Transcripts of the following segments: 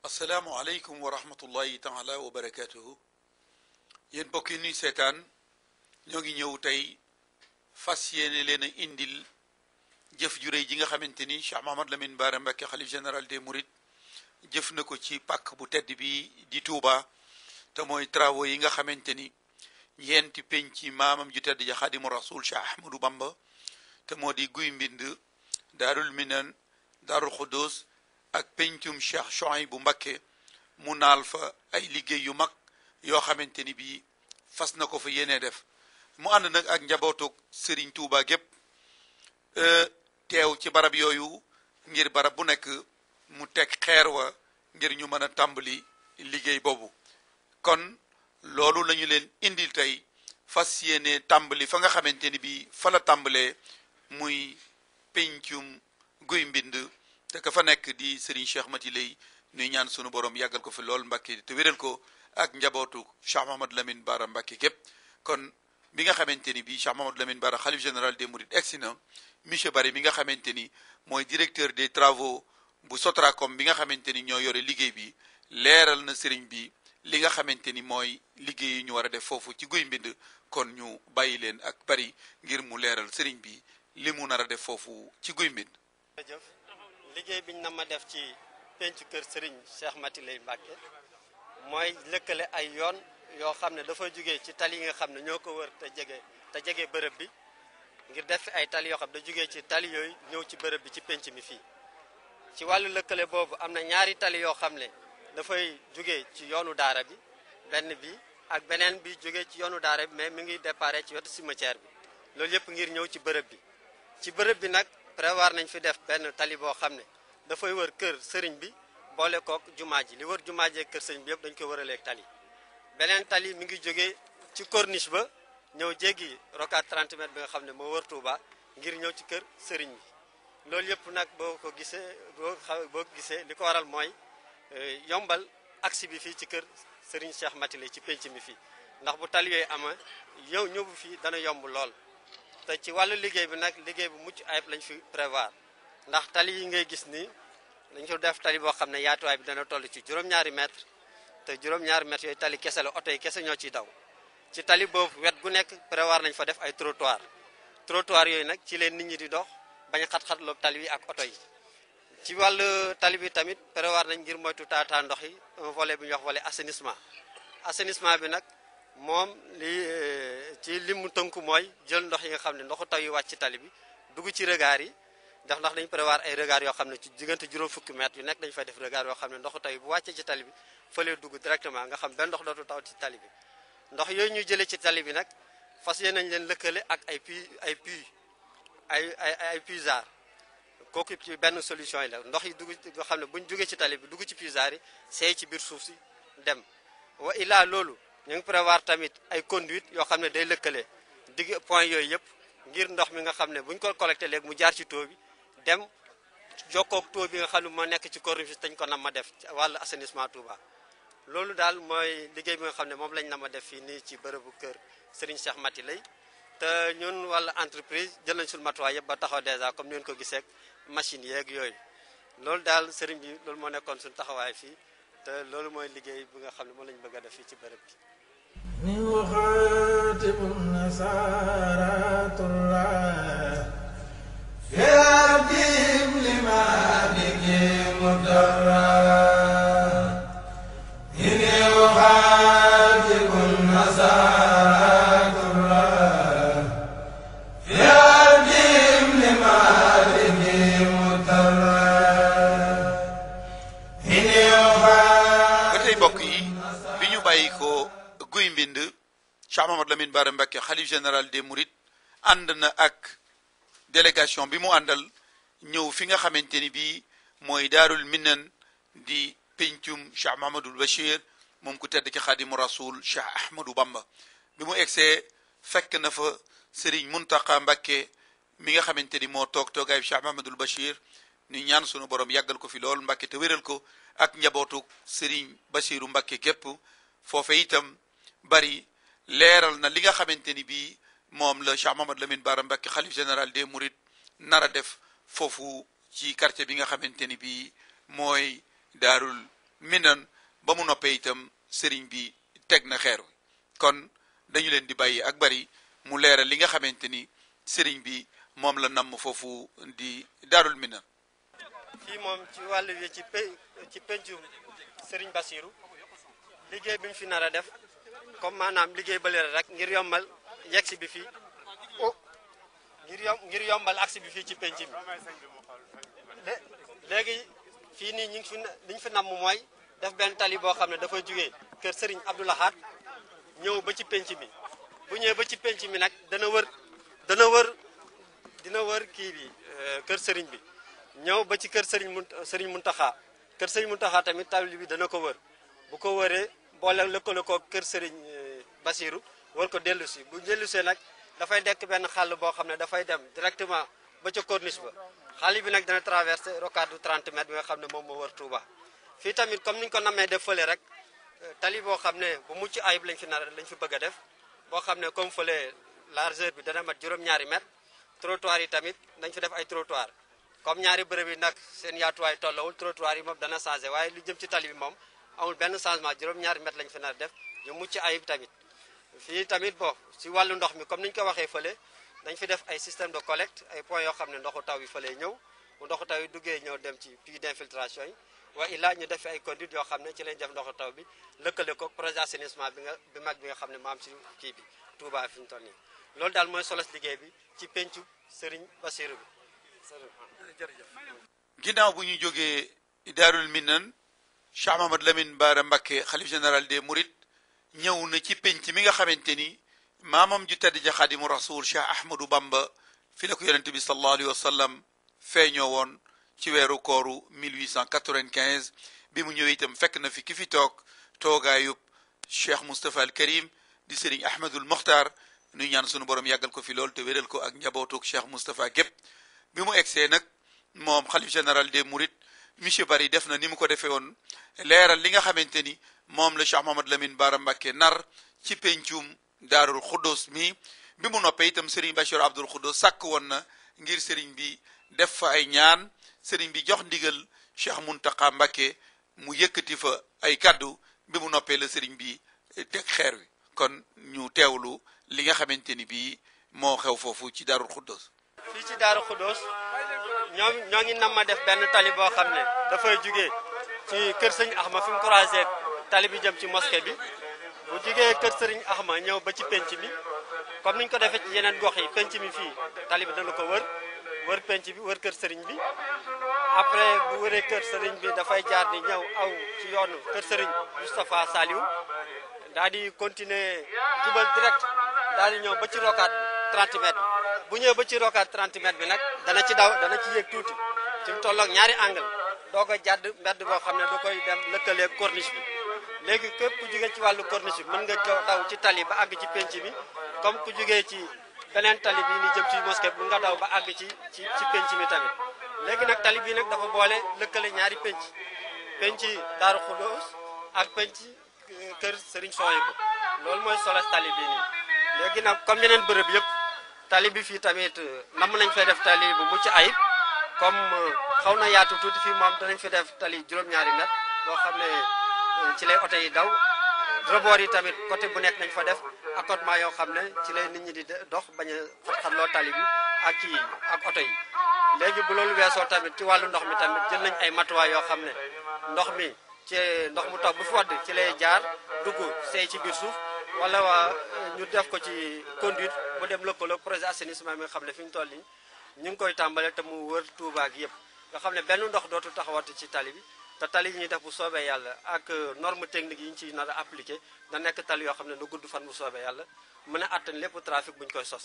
السلام عليكم ورحمة الله taala wa barakatuhu yéen mbokk yi nuy seetaan ñoo ngi ñëw tey fas yéene leen a indil jëf ju réy ji nga xamante ni Cheikh Mouhamed Lamine Bara Mbacké xalif général des Mourides jëf na ko ci pàkk bu tedd bi di Touba te mooy travaux yi nga xamante ni ñeenti penc maamam ju tedd ja Xaadimu Rasuul Cheikh Ahmadou Bamba te moo di guy mbind daarul minan daarul xudus ak pencum Cheikh bu Mbacké mu naal fa ay liggéey yu mag yoo xamante ni bii fas na ko fa yéenee def mu ànd nag ak njabootug Serigne Touba gépp e, teew ci barab yooyu ngir barab bu nekk mu teg xeer wa ngir ñu mën a tàmbali liggéey boobu kon loolu lañu leen indil tey fas yéene tàmbali fa nga xamante ni bii fa la tàmbalee muy pencum guy mbind te ka fa nekk di Serigne Cheikh Mati Lay nuy ñaan sunu borom yàggal ko fi lool Mbàkke te wéral ko ak njabootu Cheikh Mahamadou Lamine Bara Mbàkke képp kon bi nga xamante ni bii Cheikh Mahamadou Lamine Bara xalif général des Mourides egsi na monsieur Bari mi nga xamante ni mooy directeur des travaux bu Sotracom bi nga xamante ni ñoo yore liggéey bi leeral na sëriñ bi li nga xamante ni mooy liggéey yi ñu war a def foofu ci guy mbind kon ñu bàyyi leen ak Bari ngir mu leeral sëriñ bi li mu nar a def foofu ci guy mbind jërëjëf liggéey biñ na ma def ci pencu kër sëriñ Cheikh Mati Lay Mbàkke mooy lëkkale ay yoon yoo xam ne dafa jóge ci tali yi nga xam ne ñoo ko wër te jege te jege bërëb bi ngir def fi ay tali yoo xam da jugee ci tali yooyu ñëw ci bërëb bi ci penc mi fii ci wàll lëkkale boobu am na ñaari tali yoo xam ne dafay jóge ci yoonu daara bi benn bi ak beneen bi jógee ci yoonu daara bi mais mi ngi déparé ci wetu cimetière bi loolu yëpp ngir ñëw ci bërëb bi ci bërëb bi nag prévoir nañ fi def benn tali boo xam ne dafay wër kër sëriñ bi boole kook jumaa ji li wër jumaa ji kër sëriñ bi yëpp dañ koy wëraleeg tali beneen tali mi ngi jóge ci corniche ba ñëw jéggi rocade 30 mètres bi nga xam ne moo wër Touba ngir ñëw ci kër sëriñ bi loolu yëpp nag boo ko gisee boo boo gisee li ko waral mooy euh, yombal aksi bi fii ci kër sëriñ Cheikh Matile ci penc mi fii ndax bu tali yooyu ama yow ñëw fii dana yomb lool te ci wàllu liggéey bi nag liggéey bu mucc ayib lañu fi prévoir ndax tali yi ngay gis ni dañ ko def tali boo xam ne yaatuwaay bi dana toll ci juróom-ñaari mètre te juróom-ñaari mètre yooyu tali kese la oto yi kese ñoo ciy daw ci tali boobu wet gu nekk prévoir nañ fa def ay trottoir trotoire yooyu nag ci leen nit ñi di dox bañ xat-xat loog tali bi ak oto yi ci wàll tali bi tamit prévoir nañ ngir moytu tata ndox yi un volet bu ñuy wax volet assainissement assainissement bi nag moom li eh, ci li mu tënku mooy jël ndox yi nga xam ne ndox taw yi wàcc ci tali bi dugg ci regard yi ndax ndax dañ prévoir ay regard yoo xam ne ci diggante juróom fukki mètres yu nekk dañ fay def regard yoo xam ne ndoxu taw yi bu wàccee ci tali bi fële dugg directement nga xam benn ndox dootu taw ci tali bi ndox yooyu ñu jëlee ci tali bi nag fas yéene nañ leen lëkkale ak ay puits ay puits ay ay ay puisards kooku ci benn solution yi la ndox yi dugg nga xam ne buñ jugee ci tali bi dugg ci puisards yi ci biir suuf si dem wa ilaa loolu ñu ngi prévoir tamit ay conduite yoo xam ne day lëkkale digg point yooyu yëpp ngir ndox mi nga xam ne bu ko collecté léegi mu jaar ci taux dem jokkoog taux bi nga xam ne moo nekk ci corniche dañ ko nam ma def ci wàllu assainissement Touba. loolu daal mooy liggéey bi nga xam ne moom lañ nam ma def fii nii ci bërëbu kër Serigne Cheikh Mati lay te ñun wàllu entreprise jël nañ sul matuwaay yëpp ba taxaw dèjà comme ni ngeen ko gisee machine yeeg yooyu loolu daal sëriñ bi loolu moo nekkoon suñu taxawaay fii. te loolu mooy liggéey bi nga xam ne moom lañ bëgg a def fii ci bërëb bi ni waxaatibu nasaaratullah fi rabbihim li ma bigi mudarra Mouhamadou Lamine Bara Mbacké xalif général des Mourides ànd na ak délégation bi mu àndal ñëw fi nga xamante ni bii mooy daarul minan di pencum Cheikh Mahamadul Bachir moom ku tedd ci xaadimu rasul Cheikh Ahmadou Bamba bi mu egsee fekk na fa Serigne Mountakha Mbacké mi nga xamante ni moo toog toogaayu Cheikh Mahamadul Bachir ñu ñaan sunu borom yàggal ko fi lool Mbacké te wéral ko ak njabootu Serigne Bachiru Mbacké gépp foofe itam bari leeral na li nga xamante ni bii moom la Cheikh Mamadou Lamine Bara Mbacké xalif général des Mourides nar a def foofu ci quartier bi nga xamante ni bii mooy daarul minan ba mu noppee itam sëriñ bi teg na xeeru kon dañu leen di bàyyi ak bari mu leeral li nga xamante ni sëriñ bi moom la namm foofu di daarul minan fii moom ci wàllu wi ci pe ci pencu sëriñ Basiru liggéey bi mu fi nar a def comme maanaam liggéey bële rek ngir yombal yegsi bi fii ngir yom ngir yombal agsi bi fii ci penc bi léegi fii nii ñu ngi fi li ñu fi namm mooy def benn tali boo xam ne dafay jóge kër Serigne Abdou ñëw ba ci penc mi bu ñëwee ba ci penc mi nag dana wër dana wër dina wër kii bi euh, kër sëriñ bi ñëw ba ci kër sëriñ mun Serigne Mountakha kër Serigne Mountakha tamit tali bi dana ko wër bu ko wëree boole lëkkaloo kër sëriñ Basiru war ko dellu bu dellu see nag dafay dekk benn xàll boo xam ne dafay dem directement ba ca corniche ba xàll bi nag dana traversé rocade bu 30 bi nga xam ne moom moo war Touba. fii tamit comme ñu ko namee def fële rek euh, tali boo xam ne bu mucc ayib lañ fi nar lañ fi bëgg a def boo xam ne comme fële largeur bi dana mat juróom-ñaari mètre trottoir yi tamit dañ fi def ay trottoir comme ñaari bërëb yi nag seen yaatuwaay tollawul trottoir yi moom dana changé waaye lu jëm ci tali bi moom amul benn changement juróom-ñaari mètre lañ fi def ñu mucc ayib tamit. fii tamit bon si wàllu ndox mi comme ni ñu ko waxee fële dañ fi def ay système de collecte ay points yoo xam ne ndoxu taw yi fële ñëw bu ndoxu taw yi duggee ñëw dem ci puits d'infiltration yi waaye illaa ñu def ay conduite yoo xam ci lañ def ndoxu taw bi lëkkale ko projet assainissement bi nga bi mag bi nga xam ne maam si kii bi Touba fi ñu toll nii loolu daal solos liggéey bi ci pencu Serigne Bassirou bi jërëjëf bu ñu jógee Daarul Minan Cheikh Mahamad Lamine Bara Mbacké xalif général des Mourides ñëw na ci penc mi nga xamante ni maamam ju tedd ja xadimu rasul cheikh ahmadu bamba fi la ko yonente bi sallallahu alayhi wasallam sallam feeñoo woon ci weeru kooru 1895 bi mu ñëwee itam fekk na fi ki fi toog toogaayub cheikh mustapha al karim di serigne ahmadu al moxtar nu ñaan sunu borom yàggal ko fi lool te wéral ko ak njabootug cheikh mustapha gépp bi mu egsee nag moom xalif général des mourid monsieur bari def na ni mu ko defee woon leeral li nga xamante ni moom la Cheikh Mouhamad Lamine Bara Mbacké nar ci pencum daarul xuddoos mi bi mu noppee itam sëriñ Bachir Abdul Xuddoos sàkk woon na ngir sëriñ bi def fa ay ñaan sëriñ bi jox ndigal Cheikh Muntaqa Mbacké mu yëkkati fa ay kaddu bi mu noppee la sëriñ bi teg xeer wi kon ñu teewlu li nga xamante ni bii moo xew foofu ci daarul xuddoos fii ci daarul xuddoos ñoo ngi nam ma def benn tali boo xam ne dafay jugee ci kër sëñ Axma fi mu tali bi jëm ci mosquée bi bu jugee kër Serigne Axma ñëw ba ci penc bi comme niñ ko defee ci yeneen gox yi penc mi fii tali bi dana ko wër wër penc bi wër kër sëriñ bi après bu wëree kër Serigne bi dafay jaar ni ñëw aw ci yoonu kër Serigne Moustapha Saliou daal di continuer jubal direct daal di ñëw ba ci rokaat 30 mètres bu ñëwee ba ci rokaat 30 mètres bi nag dana ci daw dana ci yéeg tuuti ci mu tolloog ñaari angle doo ko jàdd mbedd boo xam ne du koy dem lëkkaleeg corniche bi. léegi képp ku jógee ci wàllu corniche bi mën nga daw ci tali ba àgg ci penc mi comme ku jógee ci beneen tali bi ni jëm ci mosquée bi nga daw ba àgg ci ci ci penc mi tamit léegi nag tali bii nag dafa boole lëkkale ñaari penc penc Daaru Xudoos ak penc euh, kër Serigne Souhaïbou loolu mooy solos tali bi léegi nag comme yeneen bërëb yëpp tali bi fii tamit euh, nam nañ fay def tali bu mucc ayib comme euh, xaw na yaatu tuuti fii moom nañ fi def tali juróom-ñaari mètre boo xam ne ci lay oto yi daw rebord yi tamit côté bu nekk nañ fa def accotement yoo xam ne ci lay nit ñi di de dox bañ a xatloo tali bi ak kii ak oto yi léegi bu loolu weesoo tamit ci wàllu ndox mi tamit jël nañ ay matuwaay yoo xam ne ndox mi ci ndox mu taw bu fi wadd ci lay jaar dugg seey ci biir suuf wala waa ñu def ko ci conduite bu dem lëkkaloo projet assainissement mi nga xam ne fi ñu toll nii ñu ngi koy tàmbale te mu wër Touba gi yëpp nga xam ne benn ndox dootul taxawatu ci tali bi te tali yi def bu soobe yàlla ak euh, norme technique yi ñu ci nar a appliqué da nekk tali yoo xam ne nu gudd fan bu soobe yàlla mën a attan lépp trafic buñ koy sos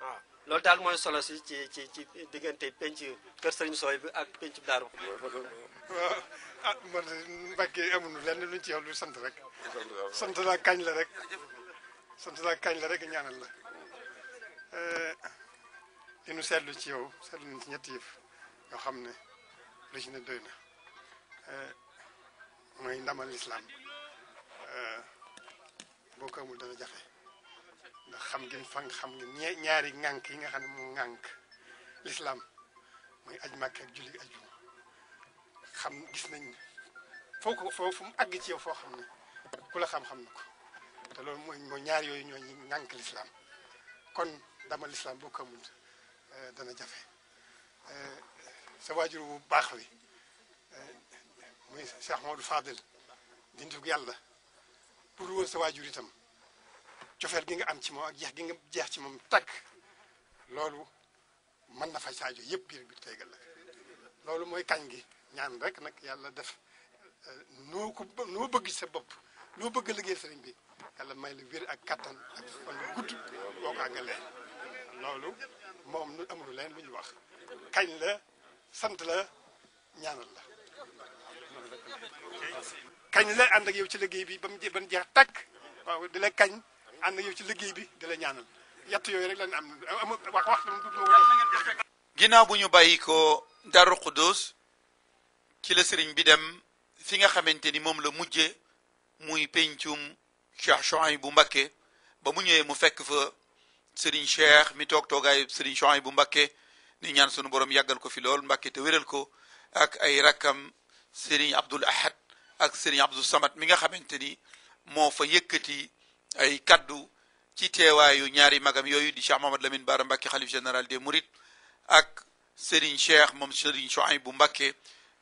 waaw loolu daal mooy solo si ci ci ci diggante penc kër sëriñ sooy bi ak penc daaru ah, ah man mbàkke amuñu lenn luñ ci yow lu sant rek sant la kañ la rek sant la kañ la rek ñaanal la li euh, ñu seetlu ci yow seetlu nañ ci ñett yëf yoo xam ne lu ci ne doy na Euh, mooy ndamal lislaam euh, boo ko dana jafe ndax xam ngeen fan xam ngeen ñaari ŋànk yi nga xam ne mu ŋànk lislaam mooy aj màkk ak julli aj xam gis nañ foo ko foo mu àgg ci yow foo xam ne ku la xam-xam na ko te loolu mooy mooy ñaar yooyu ñoo ñi ŋànk lislaam kon dama lislaam boo ko euh, dana jafe sa waajur bu baax wi muy Cheikh Modou Fadel di nitu yàlla pour woon sa waajur itam cofeel gi nga am ci moom ak jeex gi nga jeex ci moom takk loolu man na faj saajo yëpp biir bi teygal la loolu mooy kañ gi ñaan rek nag yàlla def euh, noo bëgg sa bopp noo bëgg liggéey sëriñ bi yàlla may la wér ak kattan ak fan loolu moom nu amul leen lu ñu wax kañ la sant la ñaanal la kañ la ànd ak yow ci liggéey bi ba mu ban jeex takk waaw di kañ ànd ak yow ci liggéey bi di la ñaanal yatt yooyu rek lañ am amul wax bu ñu bàyyi ko Daaru Xuddoos ci la sëriñ bi dem fi nga xamante ni moom la mujje muy pencum Cheikh bu Mbacké ba mu ñëwee mu fekk fa sëriñ Cheikh mi toog toogaay sëriñ bu Mbacké ni ñaan sunu borom yàggal ko fi lool Mbacké te wéral ko ak ay rakkam sëriñ abdul ahad ak sëriñ abdul samad mi nga xamante ni moo fa yëkkati ay kaddu ci teewaayu ñaari magam yooyu di cheikh mahamad lamin baara mbàkke xalif général des mourides ak sëriñ cheikh moom sëriñ Chouaïb bu mbàkke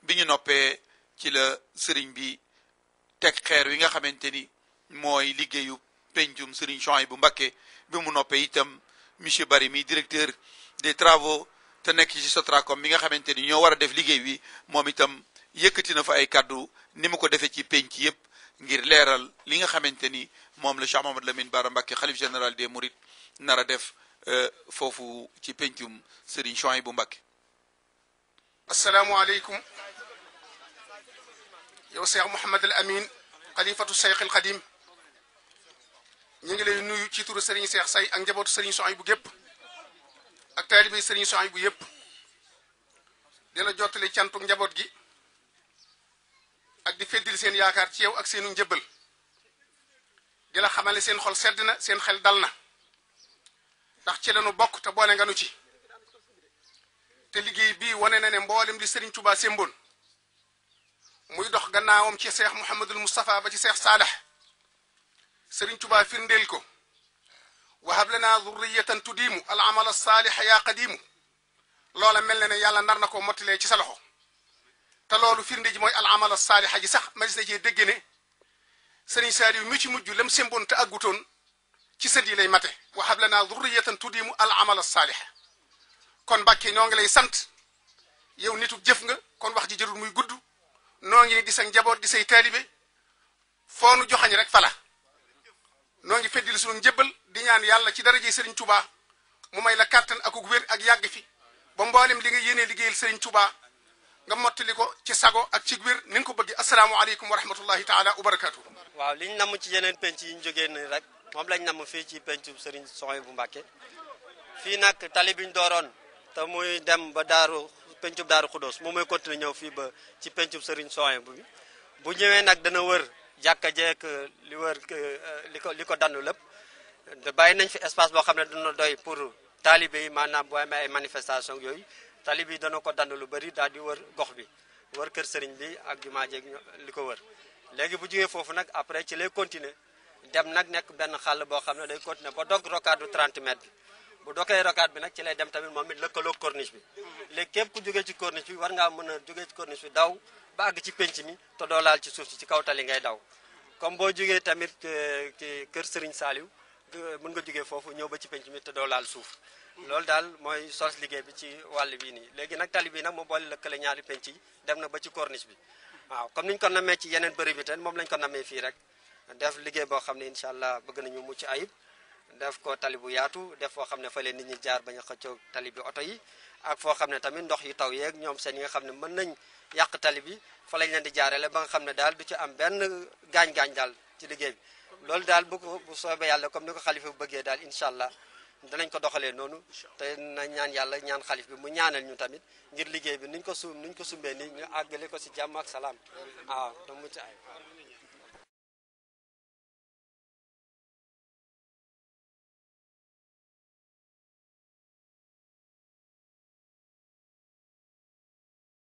bi ñu noppee ci la sëriñ bi teg xeer wi nga xamante ni mooy liggéeyu pencum sëriñ Chouaïb bu mbàkke bi mu noppee itam monsieur Bari mi directeur des travaux te nekk ci Sotracom mi nga xamante ñoo war a def liggéey wi moom itam yëkkati na fa ay kaddu ni mu ko defee ci penc yëpp ngir leeral li nga xamante ni moom la Cheikh Mamadou Lamine Bara Mbacké xalif général des Mourides nar a def foofu ci pencum Serigne Chouaïbou Mbacké. asalaamualeykum yow Cheikh Mouhamad al Amin xalifatu Cheikh al Xadim ñu ngi lay nuyu ci turu Serigne Cheikh Say ak njabootu Serigne Chouaïbou gépp ak taalibe Serigne Chouaïbou yëpp di la jottali cantuk njaboot gi. ak di feddil seen yaakaar ci yow ak seenu njëbbal di la xamale seen xol sedd na seen xel dal na ndax ci lañu bokk te boole nga nu ci te liggéey bii wone na ne mboolem li Serigne Touba sembon muy dox gannaawam ci cheikh Mouhamadul Moustapha ba ci cheikh Saalax Serigne Touba firndeel ko wahab lana dhurriyatan tudimu al amal as salih ya qadiimu loola mel na ne yàlla nar na ko mottilee ci sa loxo. te loolu firnde ji mooy al amala saaliha ji sax mas na cee dégg ne sëriñ Saaliw mi ci mujj lam semboon te àggutoon ci sët yi lay mate wa hab lana dhurriyatan tudimu al amala saaliha kon Mbàkke ñoo ngi lay sant yow nitu jëf nga kon wax ji jërul muy gudd noo ngi di sa njaboot di say taalibe foo nu joxañ rek fala noo ngi feddil sunu njëbbal di ñaan yàlla ci daraje Sëriñ Tuubaa mu may la kàttan akuk wér ak yàgg fi ba mboolem li nga yéenee liggéeyal Sëriñ Tuubaa nga mottali ko ci sago ak ci biir ni nga ko bëgg asalaamaaleykum wa rahmatullahi taala wa barakaatu. waaw li liñ namm ci yeneen penc yi ñu jógee rek moom lañ namm fii ci pencu Serigne Sohaybou bu Mbàkke fii nag tali bi ñu dooroon te muy dem ba daaru pencub daaru Xuddoos moom mooy continuer ñëw fii ba ci pencub Serigne Sohaybou bi bu ñëwee nag dana wër jàkka jeek euh, li wër euh, li ko li ko dandu lépp bàyyi nañ fi espace boo xam ne dina doy pour taalibe yi maanaam bu amee manifestation yooyu tali bi dana ko dand lu bëri daal di wër gox bi wër kër sëriñ bi ak jumaa jeeg li ko wër léegi bu jugee foofu nag après ci lay continuer dem nag nekk benn xàll boo xam ne day continuer ba dog rocade bu 30 mètres bi bu dokee rocade bi nag ci lay dem tamit moom it lëkkaloo corniche bi léegi képp ku jógee ci corniche bi war nga mën a jógee ci corniche bi daw ba àgg ci penc mi te doo laal ci suuf si ci kaw tali ngay daw comme boo jógee tamit euh, ci kër Serigne saaliw Euh, mën nga jógee foofu ñëw ba ci penc mi te doo laal suuf loolu daal mooy sos liggéey bi ci wàll bii nii léegi nag tali bii nag moo boole lëkkale ñaari penc yi dem na ba ci corniche bi waaw comme niñ ko namee ci yeneen bëri bi moom lañ ko namee fii rek def liggéey boo xam ne incha allah bëgg nañu mucc ayib def ko tali bu yaatu def foo xam ne fa leen nit ñi jaar bañ a xëccoo tali bi oto yi ak foo xam ne tamit ndox yu taw yeeg ñoom seen yi nga xam ne mën nañ yàq tali bi fa lañ leen di jaarale ba nga xam ne daal du ci am benn gaañ-gaañ ci liggéey bi lol dal bu ko bu soobee yàlla comme niko khalifa bu beugé dal inshallah dinañ ko doxale noonu te na ñaan yàlla ñaan khalif bi mu ñaanal ñu tamit ngir liggéey bi niñ ko sum niñ ko sumbe ni ñu àggale ko ci jàmm ak salam ah do mu ci ay